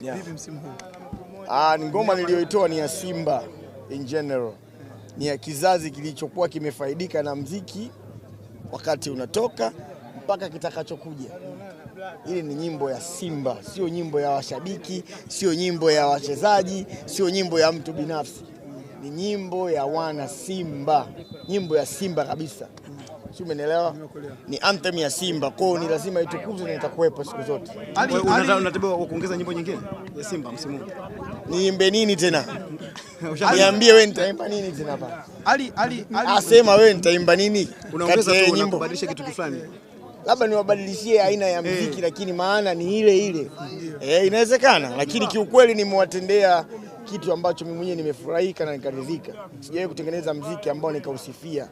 Yeah. Vipi msimu huu? Ah, ngoma niliyoitoa ni ya Simba in general. Ni ya kizazi kilichokuwa kimefaidika na mziki wakati unatoka mpaka kitakachokuja. Ile ni nyimbo ya Simba, sio nyimbo ya washabiki, sio nyimbo ya wachezaji, sio nyimbo ya mtu binafsi. Ni nyimbo ya wana Simba, nyimbo ya Simba kabisa si umenielewa? Ni anthem ya Simba, hiyo ni lazima itukuzwe na itakuwepo siku zote. Unataka kuongeza nyimbo nyingine ya Simba msimu huu? Niimbe nini tena? Niambie wewe nitaimba nini tena hapa? Ali Ali asema ah, wewe nitaimba nini? Unaongeza tu unabadilisha kitu fulani. Labda niwabadilishie aina ya muziki hey, eh. lakini maana ni ile ile. Eh, inawezekana lakini kiukweli nimewatendea kitu ambacho mimi mwenyewe nimefurahika na nikaridhika. Sijawahi kutengeneza mziki ambao nikausifia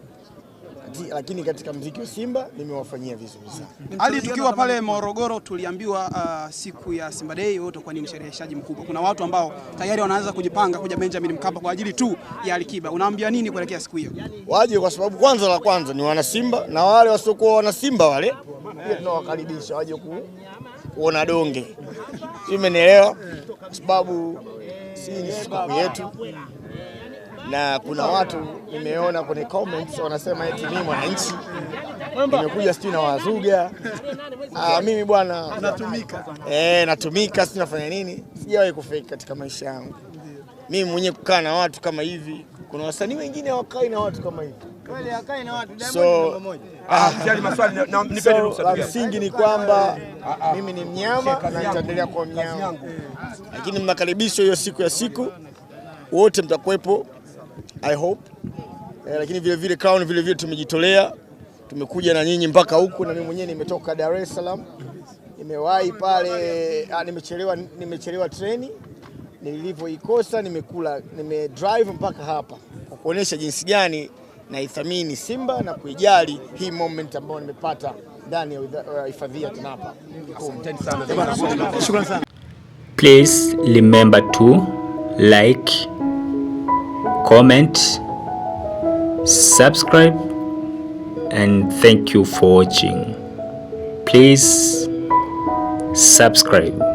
lakini katika mziki wa Simba nimewafanyia vizuri sana. Hadi tukiwa pale Morogoro tuliambiwa uh, siku ya Simba Day wote utakuwa ni mshereheshaji mkubwa. Kuna watu ambao tayari wanaanza kujipanga kuja Benjamin Mkapa kwa ajili tu ya Alikiba. Unaambia nini kuelekea siku hiyo? Waje kwa sababu kwanza la kwanza ni wana Simba na wale wasiokuwa wana Simba wale pia tunawakaribisha waje kuona donge. Umenielewa? Kwa sababu si ni siku yetu na kuna watu nimeona kwenye comments wanasema eti mimi mwananchi nimekuja sijui na wazuga. ah, mimi bwana natumika, eh, natumika sijui nafanya nini. Sijawahi kufeki katika maisha yangu mimi mwenyewe kukaa na watu kama hivi. Kuna wasanii wengine hawakai na watu kama hivi so ah, ah so, la msingi ni kwamba ah, ah. mimi ni mnyama na nitaendelea kuwa mnyama, lakini mnakaribishwa hiyo siku ya siku, wote mtakuwepo. I hope eh, lakini vile vile Crown vile vile tumejitolea, tumekuja na nyinyi mpaka huku, na mimi mwenyewe nimetoka Dar es Salaam, nimewahi pale, ah, nimechelewa nimechelewa treni nilivyoikosa, nimekula nime drive mpaka hapa kwa kuonyesha jinsi gani naithamini Simba na kuijali hii moment ambayo nimepata ndani ya eh, hifadhi ya Tanapa. Please remember to like comment, subscribe and thank you for watching. Please subscribe.